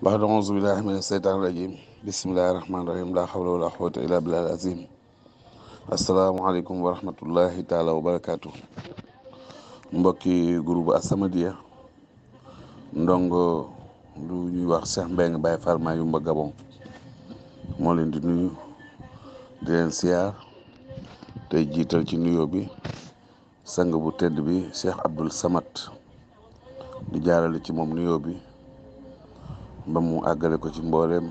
بعد أعوذ بالله من الشيطان الرجيم بسم الله الرحمن الرحيم لا حول ولا قوة إلا بالله العظيم السلام عليكم ورحمة الله تعالى وبركاته mbokki groupe As-Samadiyya ndongo lu ñuy wax Cheikh Mbengue Baye Fall Mayumba Gabon moo leen di nuyu di leen siyaar tey jiital ci nuyoo bi sang bu tedd bi Cheikh Abdoul Samad di jaarale ci moom nuyoo bi ba mu àggale ko ci mbooleem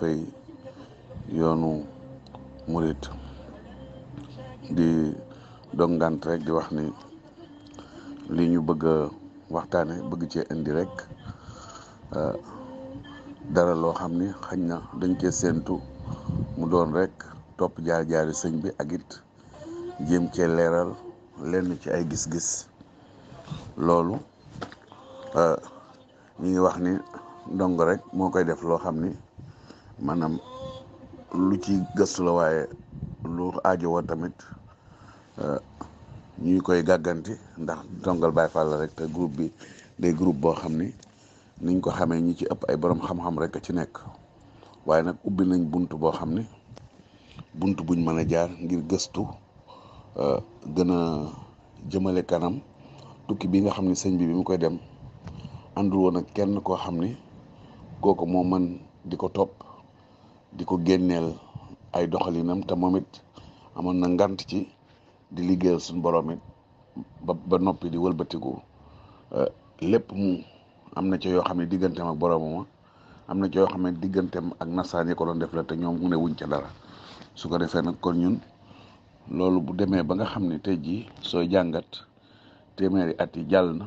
fay yoonu murit di dongant rek di wax ni li ñu bëgg waxtaane bëgg cee indi rek euh, dara loo xam ni xañ na dañ cee séentu mu doon rekk topp jaar-jaari sëñ bi ak it jéem cee leeral lenn ci ay gis-gis loolu euh, ñi ngi wax ni ndongo rek moo koy def loo xam ni maanaam lu ci gëstu la waaye lu aajowoo tamit ñuy koy gàgganti ndax dongal Baay Faal rek te groupe bi day groupe boo xam ni niñ ko xamee ñi ci ëpp ay borom xam-xam rek a ci nekk waaye nag ubbi nañ bunt boo xam ni bunt buñ mën a jaar ngir gëstu gën a jëmale kanam tukki bi nga xam ni sëñ bi bi mu koy dem àndul woon kenn koo xam ni kooku moom mën di ko topp di ko génneel ay doxaliinam te moomit amoon na ngant ci di liggéeyal suñu borom ba ba noppi di wëlbatiku eh, lépp mu am na ci yoo xam ne digganteem ak boromam am na ci yoo xam ne ak nasaan yi ko doon def la te ñoom mu ne wuñ ca dara su ko defee nag kon ñun loolu bu demee ba nga xam ne te jii sooy jàngat téeméeri at yi jàll na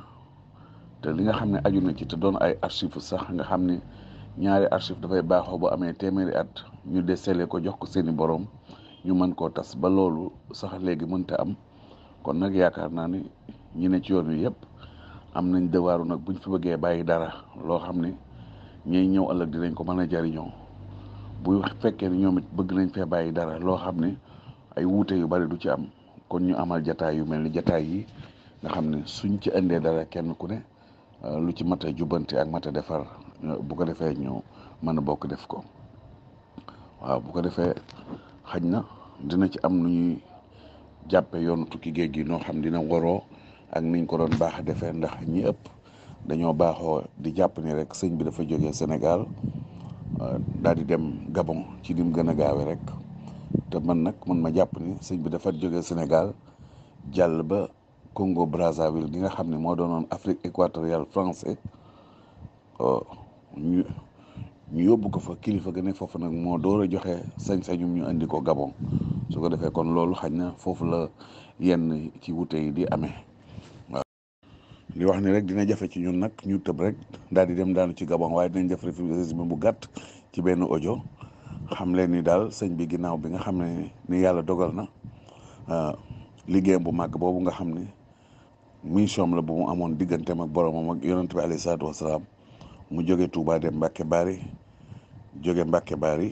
te li nga xam ne aju na ci te doon ay archives sax nga xam ni ñaari archive dafay baaxoo bu amee téeméeri at ñu desele ko jox ko seeni borom ñu mën koo tas ba loolu sax léegi mënta am kon nag yaakaar naa ni ñi ne ci yoon wi yëpp am nañ dewaaru nag buñ fi bëggee bàyyi dara loo xam ne ñiy ñëw ëllëg dinañ ko mën a jariñoo bu fekkee ni ñoom bëgg nañ fee bàyyi dara loo xam ne ay wuute yu bari du ci am kon ñu amal jataay yu mel ni jataay yi nga xam ne suñ ci indee dara kenn ku ne lu ci mat a jubbanti ak mat a defar Eh, bu ko defee ñu mën a bokk def ko waaw bu ko defee xaj na dina ci am nu ñuy jàppe yoonu tukki géej gi noo xam dina waroo ak niñ ko doon baax defee ndax ñi ëpp dañoo baaxoo di jàpp ni rek sëñ bi dafa jógee Sénégal eh, daal di dem Gabon ci ni mu gën rek te man nag man ma jàpp ni sëñ bi dafa jógee Sénégal jàll ba Congo Brazzaville gi nga xam ne moo doonoon Afrique équatoriale français oh, ñu ñu yóbbu ko fa kilifa ga nekk foofu nag moo door a joxe sañ-sañum ñu andi ko Gabon su ko defee kon loolu xañ na foofu la yenn ci wute yi di amee waaw. li wax ni rek dina jafe ci ñun nag ñu tëb rek daal di dem daanu ci Gabon waaye dinañ def résumé bu gàtt ci benn ojo xam leen ni daal sëñ bi ginnaaw bi nga xam ne ni yàlla dogal na ah, liggéeyam bu màgg boobu nga xam ne mission la bu mu amoon digganteem ak boromam ak yonent bi alayhi salaatu wasalaam mu jóge Touba dem Mbacke Bari jóge mbake Bari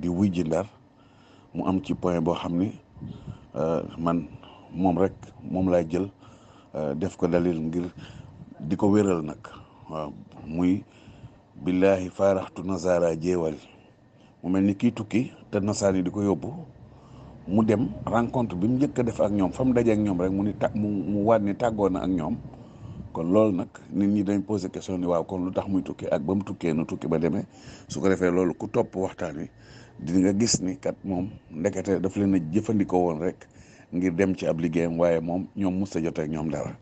di wujji Ndar mu am ci point boo xam ni euh, man moom rek moom laay jël euh, def ko dalil ngir di ko wéral nag waaw muy billahi faaraxtu nasaara jeewal mu mel ni kii tukki te nasaar yi di ko yóbbu mu dem rencontre bi mu njëkk a def ak ñoom fa mu daje ñoom rek mu ni ta mu mu waat ni tàggoon na ak ñoom kon loolu nag nit ñi dañ posé question ni waaw kon lu tax muy tukki ak ba mu tukkee nu tukki ba demee su ko defee loolu ku topp waxtaan wi di nga gis ni kat moom ndekete daf leen jëfandikoo woon rek ngir dem ci ab liggéeyam waaye moom ñoom mos jotee ñoom daal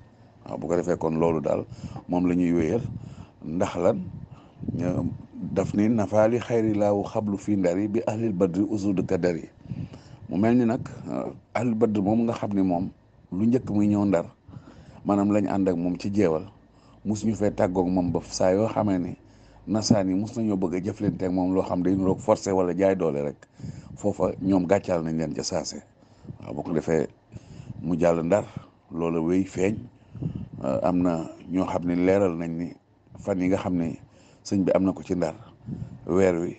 waaw bu ko defee kon loolu daal moom la ñuy wéyal ndax lan daf ni nafaali xayri laawu xablu fii ndari bi ahlil badri usud kadari mu mel ni nag ah, ahlil badri moom nga xam ni moom lu njëkk muy ñëw ndar maanaam lañ ànd moom ci jeewal mus ñu fee tàggoog moom ba saa yoo xamee ne nasaan yi mus nañoo bëgg a jëflante ak moom loo xam day nuroog forcé wala jaay doole rek foofa ñoom gàccaal nañ leen ca saase waaw ko defee mu jàll ndar loola wéy feeñ euh, am na ñoo xam ne leeral nañ ni fan yi nga xam ne sëñ bi am na ko ci ndar weer wi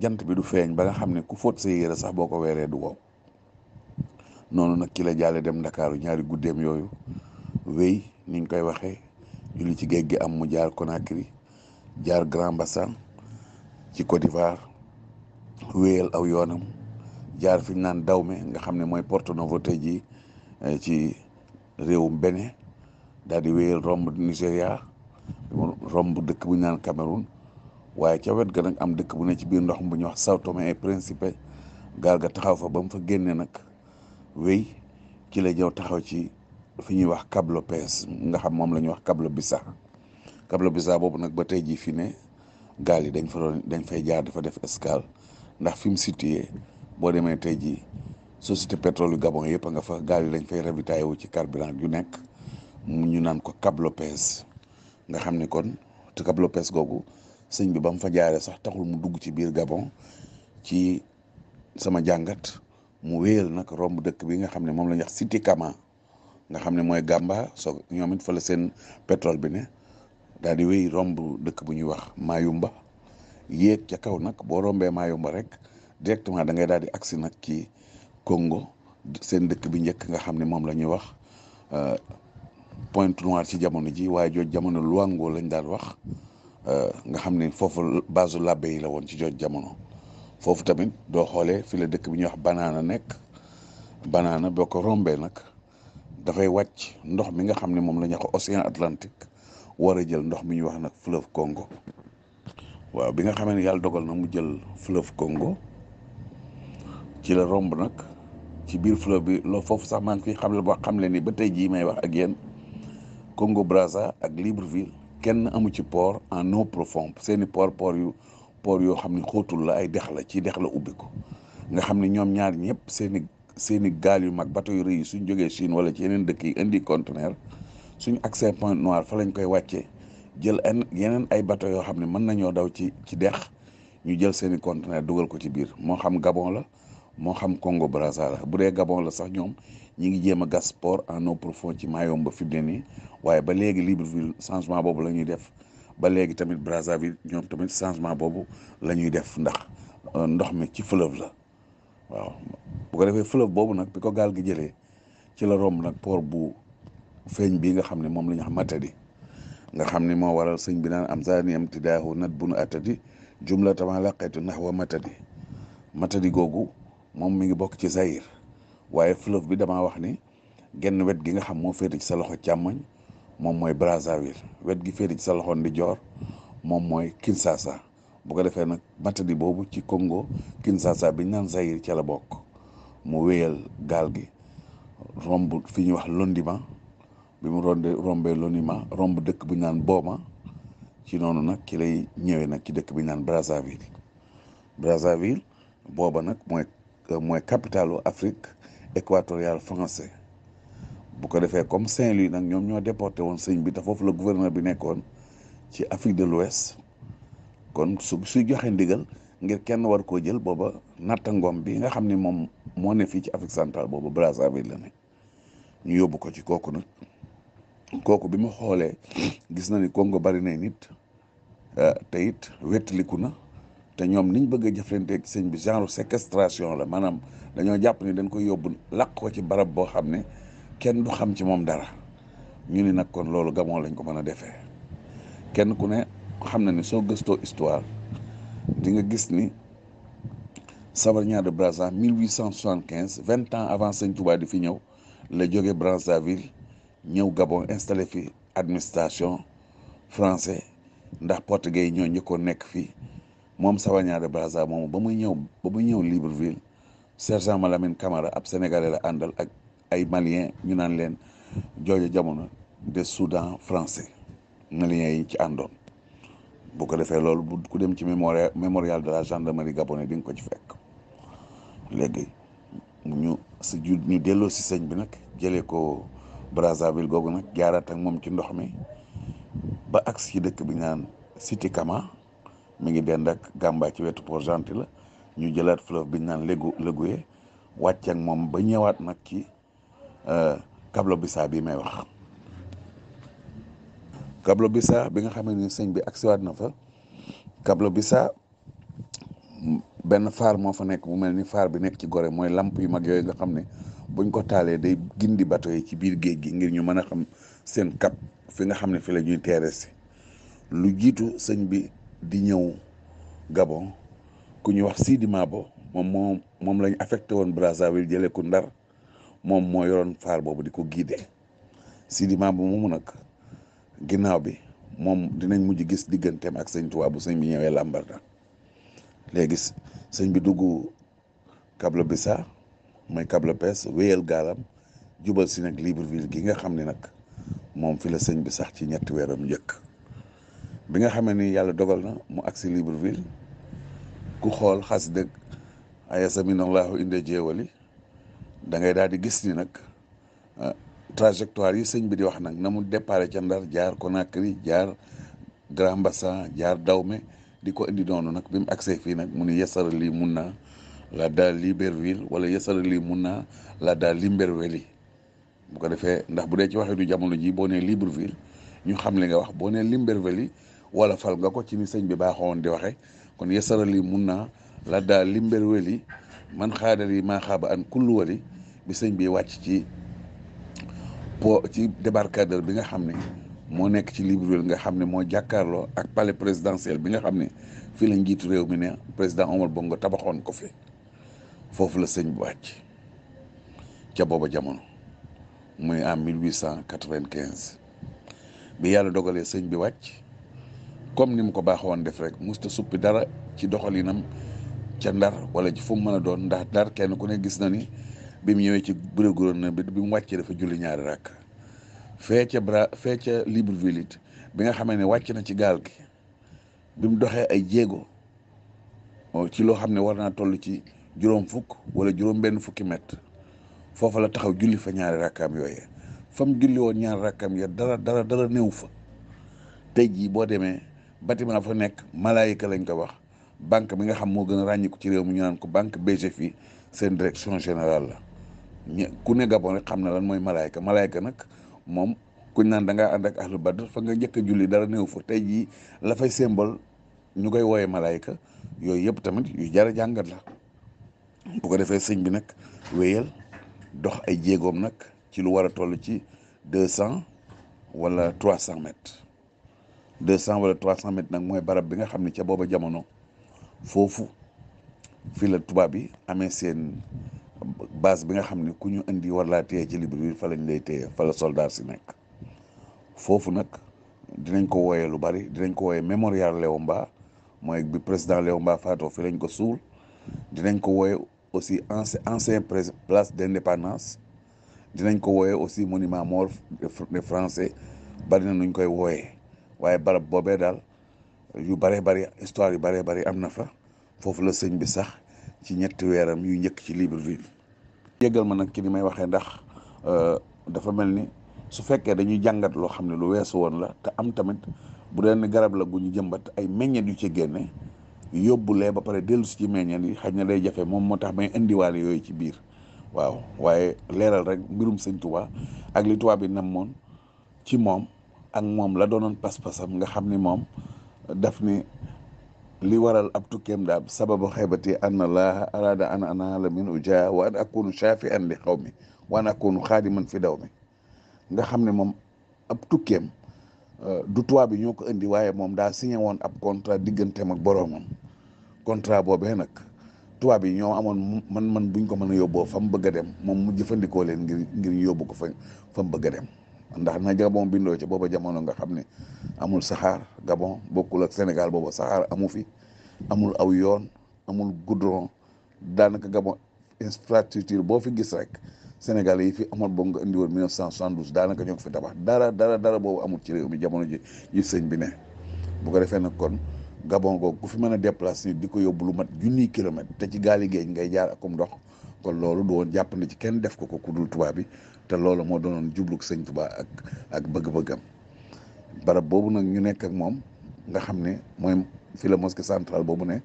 jant bi du feeñ ba xam ne ku foot sa yére sax boo ko weeree du wow noonu nag ki la jaale dem ndakaaru ñaari guddeem yooyu wéy ni ñu koy waxee julli ci géej gi am mu jaar Conakry jaar Grand-Bassam ci Côte d'Ivoire wéyal aw yoonam jaar fi ñu naan Dahomey nga xam ne mooy Porto-Novo tey jii eh, ci réew Bénin daal di wéyal romb Nigéria romb dëkk buñ naan Cameroun waaye ca wet ga nag am dëkk bu ne ci biir ndox bu ñuy wax sawto Tomé et Principe gaal ga taxaw fa ba mu fa génne nag wéy ci la ñëw taxaw ci fi ñuy wax Cap Lopez nga xam moom la ñuy wax Cabo Bissau Cabo Bissau boobu nag ba tey jii fi ne gaal yi dañ fa dañ fay jaar dafa def escale ndax fi mu situé boo demee tey jii société pétrole yu Gabon yëpp a nga fa gaal yi dañ fay ravitaillé wu ci carburant yu nekk mu ñu naan ko Cap nga xam ni kon te Cap googu sëñ bi ba mu fa jaaree sax taxul mu dugg ci biir Gabon ci sama jàngat mu wéer nag romb dëkk bi nga xam ne moom la ñuy wax Cité Kama nga xam ne mooy Gàmba soog ñoom it fa seen pétrole bi ne daal di wéy romb dëkk bu ñuy wax Mayumba yéeg ca kaw nag boo rombee Mayumba rek directement da ngay daal di agsi nag ci Congo seen dëkk bi njëkk nga xam ne moom la ñuy wax euh, Pointe Noire ci jamono ji waaye jooju jamono Luango lañ daan wax euh, nga xam ne foofu base labbe yi la woon ci jooju jamono foofu tamit doo xoolee fi la dëkk bi ñuy wax Banana nekk banaana boo ko rombee nag. dafay wàcc ndox mi nga xam ne moom la ñu wax océan Atlantique war jël ndox mi ñuy wax nag fleuve Congo waaw bi nga xamee ne yàlla dogal na mu jël fleuve Congo ci la romb nag ci biir fleuve bi loo foofu sax maa ngi fi xam ba xam leen ni ba tey jii may wax ak yéen Congo Brazza ak Libreville kenn amu ci port en eau profonde seeni port port yu port yoo xam ne xootul la ay dex la ci dex la ubbi ko nga xam ne ñoom ñaar ñëpp seeni seeni gaal yu mag bateau yu rëy yi suñ jógee Chine wala ci yeneen dëkk yi indi conteneur suñ accès point noir fa lañ koy wàccee jël en yeneen ay bateau yoo xam ne mën nañoo daw ci ci dex ñu jël seeni conteneur dugal ko ci biir moo xam Gabon la moo xam Congo Brazza la bu dee Gabon la sax ñoom ñi ngi jéem a gas port en eau profond ci Mayomba fi mu de nii waaye ba léegi Libreville changement boobu la ñuy def ba léegi tamit Brazzaville ñoom tamit changement boobu la ñuy def ndax euh, ndox mi ci fleuve la. waaw bu ko defee fleuve boobu nag bi ko gaal gi jëlee ci la romb nag port bu feeñ bii nga xam ne moom la ñu xam matadi nga xam ne moo waral sëñ bi naan am saa saani am tidaahu nat bunu attadi jumla tama laqeetu nax wa matadi matadi googu moom mi ngi bokk ci Zaïre waaye fleuve bi damaa wax ni genn wet gi nga xam moo féete ci sa loxo càmmoñ moom mooy Brazzaville wet gi féete ci sa loxo ndijoor moom mooy Kinshasa bu ko defee nag batadi boobu ci Congo Kinshasa bi ñu naan Zaïre ca la bokk mu wéyal gaal gi romb fi ñuy wax Londima bi mu rondee romb dëkk bu naan Boma ci noonu nag ci lay ñëwee nag ci dëkk bi ñu naan Brazzaville Brazzaville booba nag mooy mooy capitalu Afrique équatoriale français bu ko defee comme Saint-Louis nag ñoom ñoo déporté woon sëñ bi te foofu la gouverneur bi nekkoon ci Afrique de l'Ouest kon su suy joxe ndigal ngir kenn war koo jël booba natta nattangoom bi nga xam ne moom moo ne fii ci Afrique centrale booba Brazzaville la ne ñu yóbbu ko ci kooku na kooku bi mu xoolee gis na ni Congo bari na nit ah, te it wettaliku na te ñoom niñ bëgg a jëflanteeg sëñ bi genre séquestration la maanaam dañoo jàpp ni dañ koy yóbbu lakk ko ci barab boo xam ne kenn du xam ci moom dara ñu ni nag kon loolu gamoo lañ ko mën a defee kenn ku ne xam na ne soo gëstoo histoire di nga gis ni Sabar Niang de Brazza 1875 vingt ans avant Sëñ Tuubaa di fi ñëw la jóge Brazzaville ñëw Gabon installé fi administration français ndax portugais yi ñoo njëkkoon nekk fii moom Sabar Niang de Brazza moom ba muy ñëw ba muy ñëw Libreville sergent Malamine Camara ab sénégalais la àndal ak ay malien ñu naan leen jooju jamono de Soudan français malien yi ci àndoon boo ko defee loolu bu ku dem ci mémorial mémorial de la gendarmerie gabonaise di nga ko ci fekk léegi ñu si ju ñu delloo si sëñ bi nag jëlee ko Brazzaville googu nag jaaraat ak moom ci ndox mi ba agsi ci dëkk bi naan Cité Kama mi ngi dend ak Gamba ci wetu Port-Gentil la ñu jëlaat fleuve bi ñu naan légu léguye wàcc ak moom ba ñëwaat nag ci euh, Kablo Bissa bi may wax. Kablo Bissa bi nga xam ne sëñ bi agsiwaat na fa Kablo Bissa benn faar moo fa nekk mu mel ni faar bi nekk ci Gorée mooy lamp yi mag yooyu nga xam ne buñ ko taalee day gindi bato yi ci biir géej gi ngir ñu mën a xam seen cap fi nga xam ne fi la ñuy si lu jiitu sëñ bi di ñëw Gabon ku ñu wax Sidi Mabo moom moom moom affecté woon Brazzaville jëlee ku Ndar moom moo yoroon boobu di ko guider Sidi Mabo nag. ginnaaw bi moom dinañ mujj gis digganteem ak sëñ Tuubaa bu sëñ bi ñëwee Lambaréné léegi sëñ bi dugg Kabla-Bissa mooy Kabla-Pes wéyal gaalam jubal si nag libre Libreville gi nga xam ni nag moom fi la sëñ bi sax ci ñetti weeram njëkk bi nga xamee ni yàlla dogal na mu agsi Libreville ku xool xas dëgg ayasaminallaahu inde jéewali dangay daal di gis ni nag ah, trajectoire yi sëñ bi di wax nag na mu déparé ca Ndar jaar Conakry jaar Grand Bassin jaar Dahomey di ko indi noonu nag bi mu agsee fii nag mu ni yasara lii mun naa la daal Libreville wala yasara lii mun na la daal Libreville bu ko defee ndax bu dee ci waxee du jamono ji boo nee Libreville ñu xam li nga wax boo nee Libreville wala fal nga ko ci ni sëñ bi baaxoon di waxee kon yasara lii mun naa la daal Libreville yi man xaadar yi maa xaaba an kulluwali bi sëñ bi wàcc ci po ci débarcadère bi nga xam ne moo nekk ci Libreville nga xam ne moo jàkkaarloo ak palais présidentiel bi nga xam ne fii la njiitu réew mi ne président Omar Bongo tabaxoon ko fi foofu la sëñ bi wàcc ca booba jamono muy en 1895 bi yàlla dogalee sëñ bi wàcc comme ni mu ko baaxoon def rek musta suppi dara ci doxalinam ca ndar wala ci fu mën a doon ndax ndar kenn ku ne gis na ni. bi mu ñëwee ci bureau gouverneur bi bi mu wàccee dafa julli ñaari rakk fee ca libre fee it bi nga xamee ne wàcce na ci gaal gi bi mu doxee ay jéego oh, ci loo xam ne war naa toll ci juróom fukk wala juróom benn fukki mètre foofa la taxaw julli fa ñaari rakkaam yooyee fa mu julli woon ñaari rakkaam ya dara dara dara néew fa tey jii boo demee bâtiment fa nekk malaayika lañ ko wax banque bi nga xam moo gën a ràññiku ci réew mu ñu naan ko banque BGF seen direction général la ku ne Gabon rek xam na lan mooy malaayka malaayka nag moom kuñ naan da nga ànd ak ahlu badr fa nga jëkk a julli dara néew tey jii la fay ñu koy wooyee malaayka yooyu yëpp tamit yu jar a jàngat la bu ko defee sëñ bi nag wéyal dox ay jéegoom nag ci lu war a toll ci deux cent wala trois cent mètres cent wala trois cent nag mooy barab bi nga xam ne ca booba jamono foofu fi la tubaab bi amee seen base bi nga xam ne ku ñu indi war laa téye ci Libreville fa lañ lay téye fa la soldat si nekk foofu nag dinañ ko wooyee lu bari dinañ ko wooyee mémorial Léon Mba mooy bi président Léon Mba faatoo fi lañ ko suul dinañ ko wooye aussi ancien ancien place d'indépendance dinañ ko wooyee aussi monument mort des Français bari na nuñ koy wooyee waaye barab boobee daal yu baree bari histoire yu baree bari am na fa foofu la sëñ bi sax ci ñetti weeram yu njëkk ci Libreville jéggal ma nag ci ni may waxee ndax euh, dafa mel ni su fekkee dañuy jàngat loo xam ne lu weesu woon la te am tamit bu dee ne garab la gu ñu jëmbat ay meññeet yu ci génne yóbbu yóbbulee ba pare dellu si ci meññeet yi xaj na day jafe moom moo tax may indiwaale yooyu ci biir waaw waaye leeral rek mbirum sëñ Tuubaa ak li Tuubaa bi namoon ci moom ak moom la doonoon pas-pasam nga xam ni moom daf ni li waral ab tukkeem daal sababu xaybati an allaha arada an anaala min ujaa wa an akunu shafian li xaw mi wa an akunu xaadiman fi daw mi nga xam ne moom ab tukkeem euh, du tubaab bi ñoo ko indi waaye moom daa signé woon ab contrat digganteem ak boroom contrat boobee nag tubaab yi ñoo amoon man man buñ ko mën a yóbboo fa mu bëgg a dem moom mu jëfandikoo leen ngir ngir yóbbu ko fa fa bëgg a dem ndax na Gabon bindoo ci booba jamono nga xam ne amul saxaar Gabon bokkul ak Sénégal boobu saxaar amu fi amul aw yoon amul goudron daanaka Gabon infrastructure boo fi gis rek Sénégal yi fi amoon boo nga indi woon 1972 daanaka ñoo ko fi tabax dara dara dara boobu amul ci réew mi jamono ji yi sëñ bi ne bu ko defee nag kon Gabon googu ku fi mën a déplacer nit di ko yóbbu lu mat junniy kilomètre te ci gaali géej ngay jaar akum dox kon loolu du woon jàpp na ci kenn def ko ko ku dul tubaab bi te loolu moo doonoon jubluk sëñ Tuubaa ak ak bëgg-bëggam barab boobu nag ñu nekk ak moom nga xam ne mooy fi la mosquée centrale boobu ne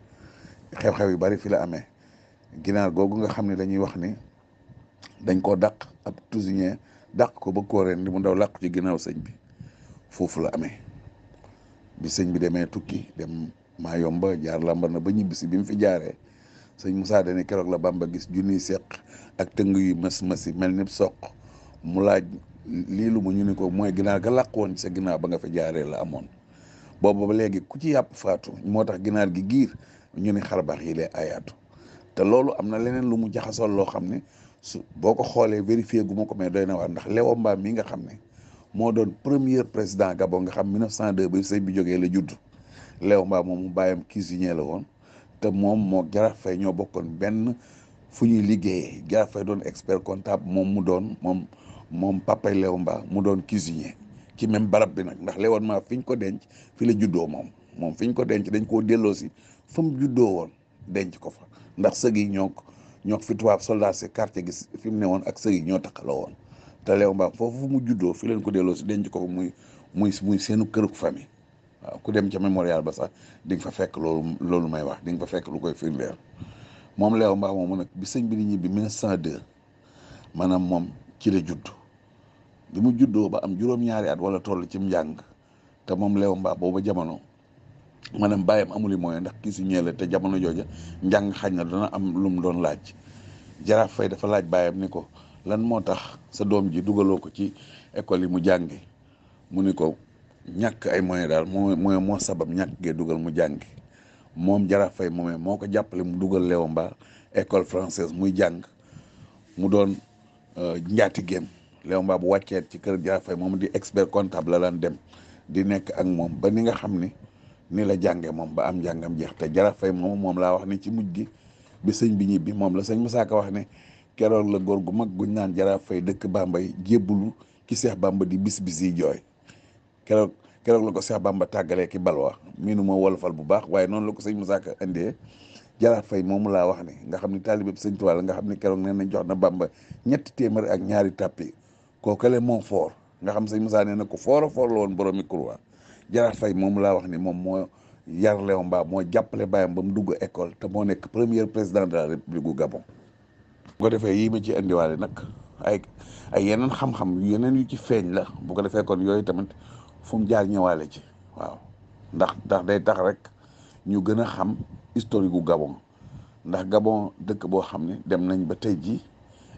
xew-xew yu bari fi la amee ginaar googu nga xam ne dañuy wax ni dañ koo dàq ab tusiñe dàq ko ba ko reen li mu ndaw làq ci ginnaaw sëñ bi foofu la amee bi sëñ bi demee tukki dem ma maa yomba jaar làmbar na ba ñibbisi bi mu fi jaaree sëñ Moussa dane keroog la Bamba gis junniy seq ak tëng yu mës-mësi mel ni soq mu laaj lii lu mu ñu ni ko mooy ginaar ga làq woon sa ginaar ba nga fa jaaree la amoon boobu ba léegi ku ci yàpp faatu moo tax ginaar gi giir ñu ni xarbaax yi lay ayaatu te loolu am na leneen lu mu jaxasool loo xam ne su boo ko xoolee vérifié gu ma ko mais doy na waar ndax Léon Mba mi nga xam ne moo doon premier président Gabon nga xam 1902 ba sëñ bi jógee la juddu Léon Mba moom mu bàyyam cuisinier la woon te moom moo Jaraaf Faye ñoo bokkoon benn fu ñuy liggéeyee Jaraaf doon expert moom mu doon moom moom papa Léon Mba mu doon cuisinier ci même barab bi nag ndax lewoon maa fi ñu ko denc fi la juddoo moom moom fi ñu ko denc dañ koo delloo si fa mu juddoo woon denc ko fa ndax sëg yi ñoo ñoo fi tubaab soldat si quartier gi fi mu ne woon ak sëg yi ñoo takkaloo woon te Léon Mba foofu mu juddoo fi leen ko delloo si denc ko fa muy muy muy seenu këruk famille waaw ku dem ca mémorial ba sax di fa fekk loolu loolu may wax di nga fa fekk lu koy firndeel moom Léon Mba moomu nag bi sëñ bi di ñibbi 1902 maanaam moom ci la judd. bi mu juddoo ba am juróom-ñaari at wala toll ci njàng te moom leew mbaa booba jamono maanaam amul amuli mooy ndax kii te jamono jooja njàng xañ na dana am lum doon laaj jaraaf fay dafa laaj bàyyam ni ko lan moo tax sa doom ji dugaloo ko ci école yi mu jàngi mu ni ko ñàkk ay moyens daal moo mooy moo sabab ñàkk gee dugal mu jàngi moom jaraaf fay moomee moo ko jàppale mu dugal leew mbaa école française muy jàng mu doon euh, njaati géem Léon Babou wàcceet ci kër Diafay moom di expert comptable la lan dem di nekk ak moom ba ni nga xam ni ni la jànge moom ba am jàngam jeex te Jarafay moom moom laa wax ni ci mujj gi bi sëñ bi ñibbi moom la sëñ Musaa Ka wax ne keroog la góor gu mag guñ naan Jarafay dëkk Bambay jébbulu ki Seex Bamba di bis bis jooy keroog keroog la ko Seex Bamba tàggalee ki balwa miinu moo wolofal bu baax noonu la ko sëñ Musaa Ka indee jaraaf fay moomu laa wax ne nga xam ni taalibe bi sëñ Tuubaa nga xam ni keroog nee nañ jox na Bamba ñetti téeméer ak ñaari tàppi kookale moo foor nga xam sëñ Moussa nee na ko foor a foor la woon boromi Kourouwa jaraat fay moom laa wax ni moom moo yarle Léon mbaam moo jàppale bàyyam ba mu dugg école te moo nekk premier président de la république du Gabon. bu defee yii ma ci indiwaale nag ay ay yeneen xam-xam yeneen yu ci feeñ la bu ko defee kon yooyu tamit fu jaar ñëwaale ci waaw ndax ndax day tax rek ñu gën a xam historique gu Gabon ndax Gabon dëkk boo xam ne dem nañ ba tey ji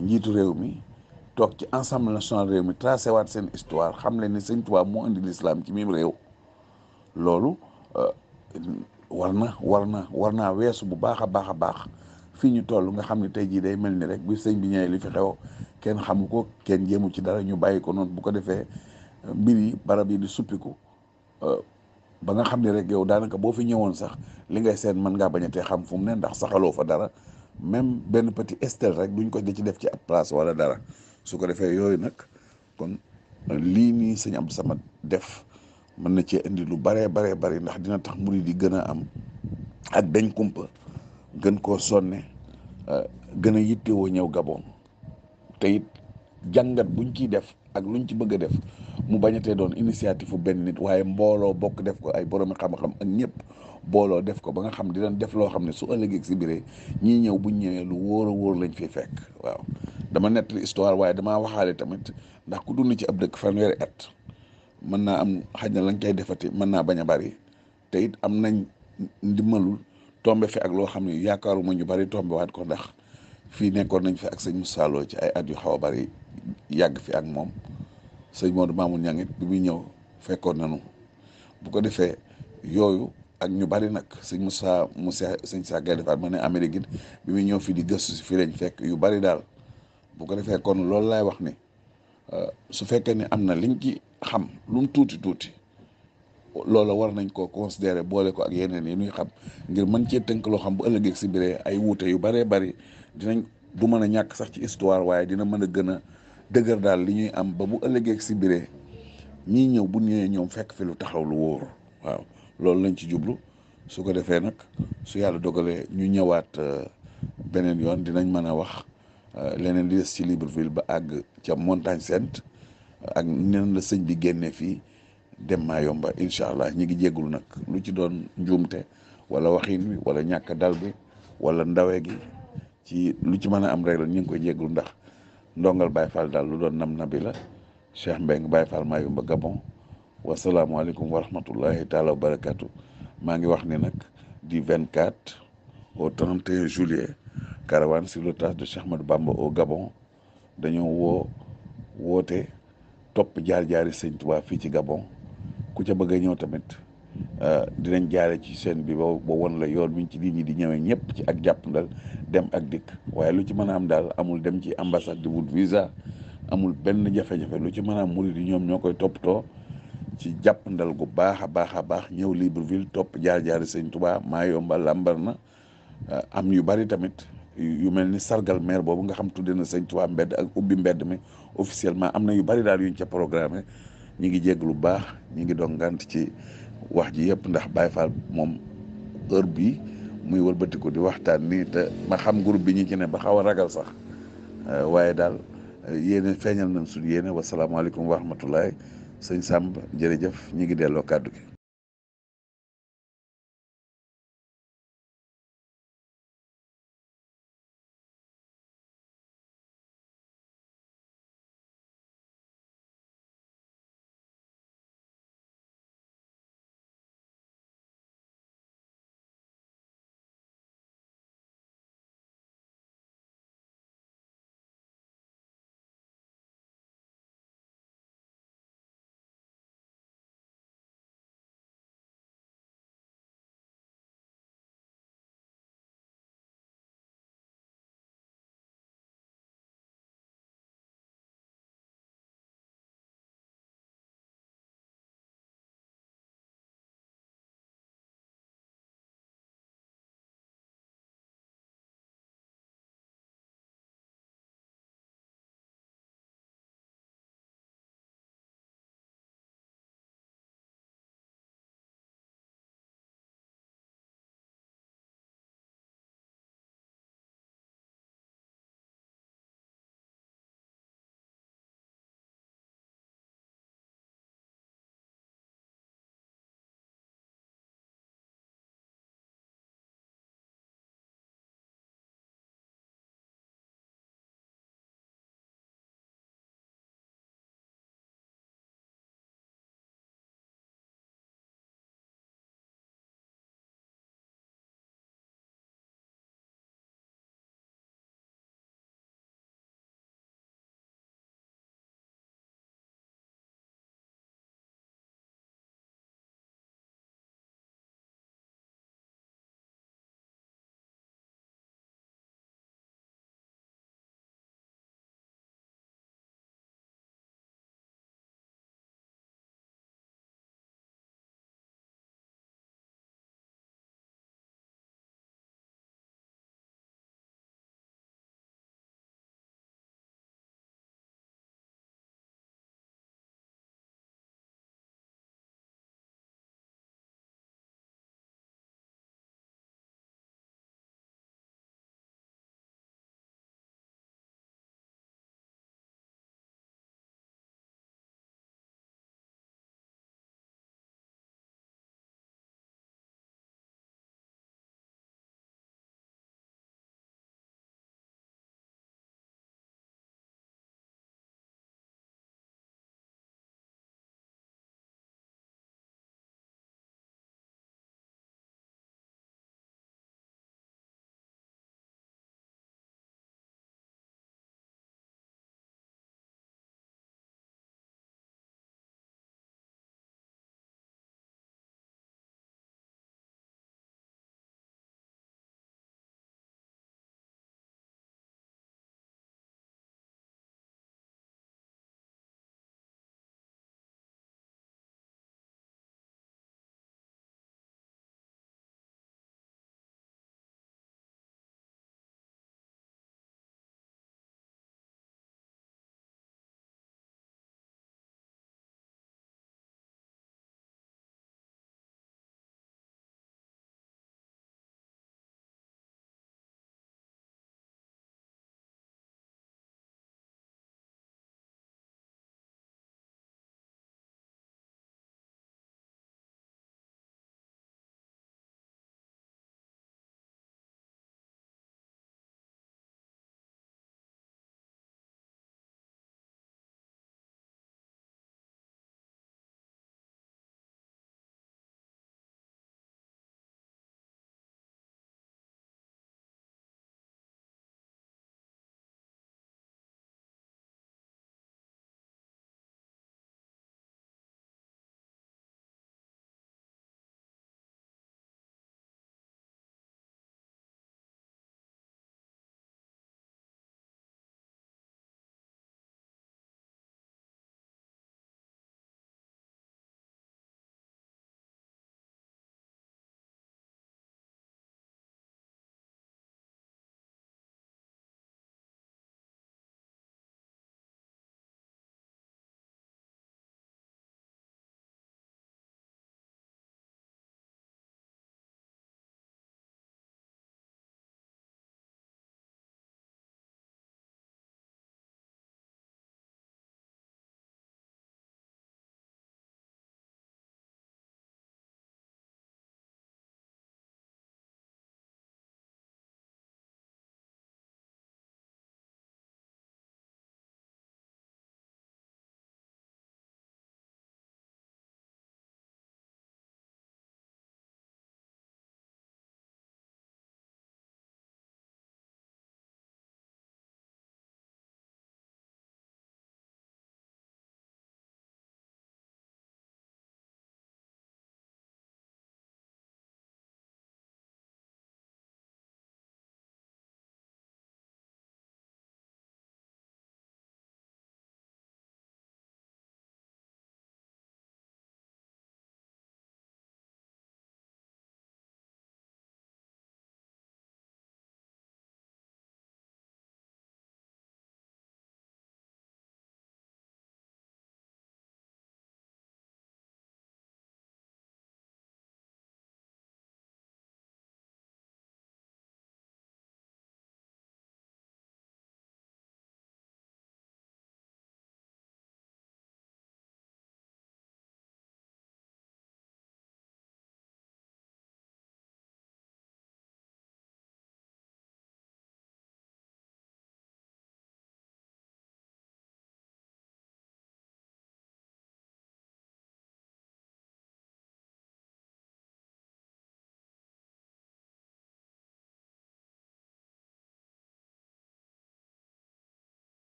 njiitu réew mi. toog ci ensemble national réew mi tracé waat seen histoire xam leen ni sëñ moo indi lislaam ci miim réew loolu euh, war na war na war naa weesu bu baax a baax a baax fii ñu toll nga xam ne tey jii day mel ni rek bi sëñ bi ñëwee li fi xew kenn xamu ko kenn jéemu ci dara ñu bàyyi ko noonu bu ko defee mbir yi barab yi di suppiku euh, ba nga xam ne rek yow daanaka boo fi ñëwoon sax li ngay seen mën ngaa bañ a tee xam fu mu ne ndax saxaloo fa dara même benn petit estel rek duñ ko di ci def ci ab place wala dara su ko defee yooyu nag kon lii nii sëñ Abdou Samad def mën na cee indi lu baree baree bari ndax dina tax murid yi gën a am ak dañ kumpa gën koo sonne euh, gën a yittewoo ñëw Gabon te it jàngat buñ ciy def ak luñ ci bëgg a def mu bañatee doon initiative bu benn nit waaye mbooloo bokk def ko ay boroomi xam-xam ak ñëpp booloo def ko ba nga xam di leen def loo xam ne su ëllëgee si biiree ñii ñëw bu ñëwee lu wóor a wóor lañ fiy fekk waaw dama nett histoire waaye damaa waxaale tamit ndax ku dund ci ab dëkk fanweeri at mën naa am xaj na lañ koy defati mën naa bañ a bari te it am nañ ndimbalul tombe fi ak loo xam ne yaakaaruma ñu bari tombe waat ko ndax fii nekkoon nañ fi ak sëñ Moussa ci ay at yu xaw a bari yàgg fi ak moom sëñ Modou Mamoun Niang it bu muy ñëw fekkoon nañu bu ko defee yooyu ak ñu bari nag sëñ Moussa Moussa sëñ Sa Gaye defaat ma ne Amérique it bi muy ñëw fii di gëstu si fii lañ fekk yu bari daal bu ko defee kon loolu laay wax ni euh, su fekkee ne am na liñ ci xam lu mu tuuti tuuti loola war nañ koo considérer boole ko ak yeneen yi ñuy xam ngir mën cee tënk loo xam bu ëllëgee si biir ay wuute yu baree bari dinañ du mën a ñàkk sax ci histoire waaye dina mën a gën a dëgër daal li ñuy am ba bu ëllëgee si biir ñiy ñëw bu ñëwee ñoom fekk fi lu taxaw lu wóor waaw. loolu lañ ci jublu su ko defee nag su yàlla dogalee ñu ñëwaat euh, beneen yoon dinañ mën a wax euh, leneen di des ci Libreville ba àgg ca Montagne Sainte ak nen la sëñ bi génnee fii dem maa yomba incha allah ñi ngi jéggul nag lu ci doon njuumte wala waxin wi wala ñàkk dal bi wala ndawe gi ci lu ci mën a am rek la ñu ngi koy jéggul ndax ndongal baay Fall daal lu doon nam na bi la Cheikh Mbengue Baye Fall maa yomba Gabon wasalaamualeykum wa rahmatullahi taala wa barakatu maa ngi wax ni nag di 24 au 31 juillet caravane sur le trace de Cheikh Ahmadou Bamba au Gabon dañoo woo woote topp jaar-jaari sëñ Tuubaa fii ci Gabon ku ca bëgg ñëw tamit euh, dinañ jaare ci seen bi ba won la yoon miñ ci nit ñi di ñëwee ñëpp ci ak jàppandal dem ak dikk waaye lu ci mën a am daal amul dem ci ambassade di wut visa amul benn jafe-jafe lu ci mën a am murid yi ñoom ñoo koy toppatoo ci jàppandal gu baax a baax a baax ñëw Libreville topp jaar-jaari sëñ Touba maa yomba lambar na uh, am yu bari tamit yu mel ni sargal maire boobu nga xam tudde na sëñ Touba mbedd ak ubbi mbedd mi officiellement am na yu bari daal yuñ ca programme ñi ngi jégg lu baax ñi ngi doon ngant ci wax ji yëpp ndax Baye Fall moom heure bii muy wëlbatiku di waxtaan nii te ma xam groupe bi ñu ci ne ba xaw a ragal sax uh, waaye daal uh, yéene feeñal nañ suñu yéene wasalaamaaleykum wa rahmatullahi sëñ Samba jërëjëf ñu ngi delloo kàddu gi.